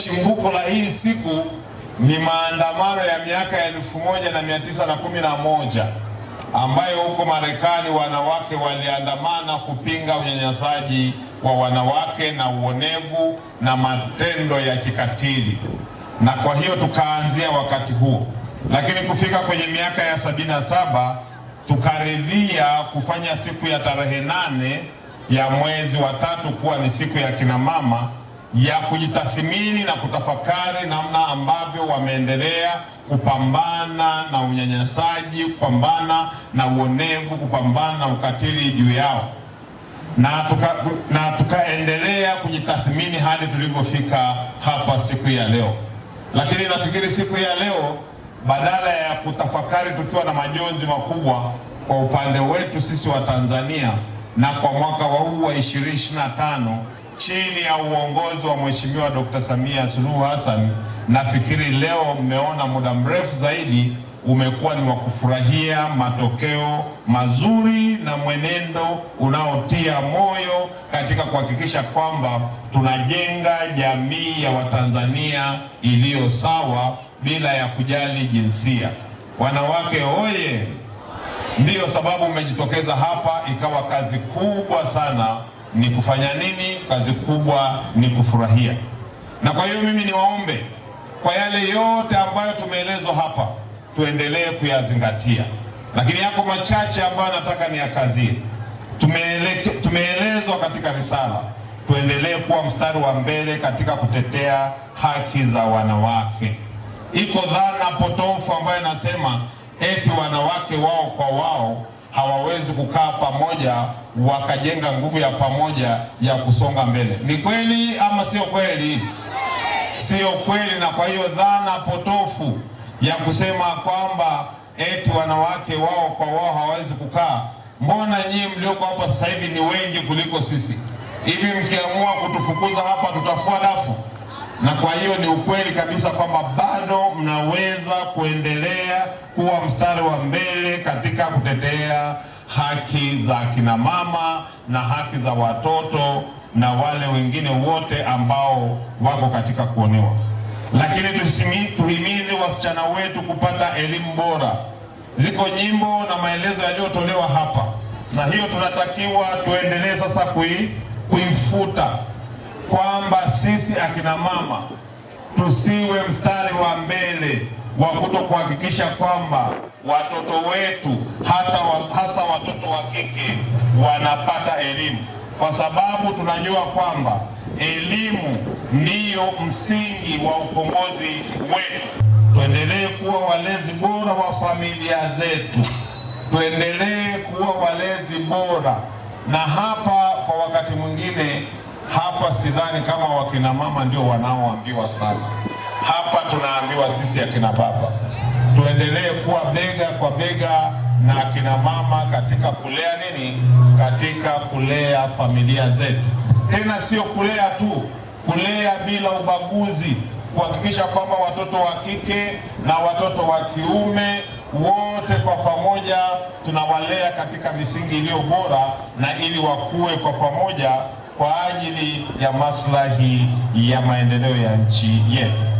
Chimbuko la hii siku ni maandamano ya miaka ya elfu moja na mia tisa na kumi na moja ambayo huko Marekani wanawake waliandamana kupinga unyanyasaji wa wanawake na uonevu na matendo ya kikatili, na kwa hiyo tukaanzia wakati huo, lakini kufika kwenye miaka ya sabini na saba tukaridhia kufanya siku ya tarehe nane ya mwezi wa tatu kuwa ni siku ya kinamama ya kujitathmini na kutafakari namna ambavyo wameendelea kupambana na unyanyasaji, kupambana na uonevu, kupambana na ukatili juu yao, na tuka, na tukaendelea kujitathmini hadi tulivyofika hapa siku ya leo. Lakini nafikiri siku ya leo badala ya kutafakari tukiwa na majonzi makubwa kwa upande wetu sisi wa Tanzania na kwa mwaka wa huu wa 2025 chini ya uongozi wa Mheshimiwa Dr. Samia Suluhu Hassan, nafikiri leo mmeona muda mrefu zaidi umekuwa ni wa kufurahia matokeo mazuri na mwenendo unaotia moyo katika kuhakikisha kwamba tunajenga jamii ya Watanzania iliyo sawa bila ya kujali jinsia. Wanawake oye! Ndiyo sababu mmejitokeza hapa, ikawa kazi kubwa sana ni kufanya nini, kazi kubwa ni kufurahia. Na kwa hiyo mimi niwaombe kwa yale yote ambayo tumeelezwa hapa tuendelee kuyazingatia, lakini yako machache ambayo nataka niyakazie. Tumeele, tumeelezwa katika risala, tuendelee kuwa mstari wa mbele katika kutetea haki za wanawake. Iko dhana potofu ambayo inasema eti wanawake wao kwa wao hawawezi kukaa pamoja wakajenga nguvu ya pamoja ya kusonga mbele. Ni kweli ama sio kweli? Sio kweli. Na kwa hiyo dhana potofu ya kusema kwamba eti wanawake wao kwa wao hawawezi kukaa, mbona nyinyi mlioko hapa sasa hivi ni wengi kuliko sisi? Hivi mkiamua kutufukuza hapa tutafua dafu? na kwa hiyo ni ukweli kabisa kwamba bado mnaweza kuendelea kuwa mstari wa mbele katika kutetea haki za kina mama na haki za watoto na wale wengine wote ambao wako katika kuonewa. Lakini tusimi, tuhimize wasichana wetu kupata elimu bora. Ziko nyimbo na maelezo yaliyotolewa hapa, na hiyo tunatakiwa tuendelee sasa kui, kuifuta kwamba sisi akina mama tusiwe mstari wa mbele wa kuto kuhakikisha kwamba watoto wetu hata wa, hasa watoto wa kike wanapata elimu, kwa sababu tunajua kwamba elimu ndiyo msingi wa ukombozi wetu. Tuendelee kuwa walezi bora wa familia zetu, tuendelee kuwa walezi bora, na hapa kwa wakati mwingine hapa sidhani kama wakina mama ndio wanaoambiwa sana. Hapa tunaambiwa sisi akina baba tuendelee kuwa bega kwa bega na akina mama katika kulea nini, katika kulea familia zetu, tena sio kulea tu, kulea bila ubaguzi, kuhakikisha kwamba watoto wa kike na watoto wa kiume wote kwa pamoja tunawalea katika misingi iliyo bora, na ili wakue kwa pamoja kwa ajili ya maslahi ya maendeleo ya nchi yetu.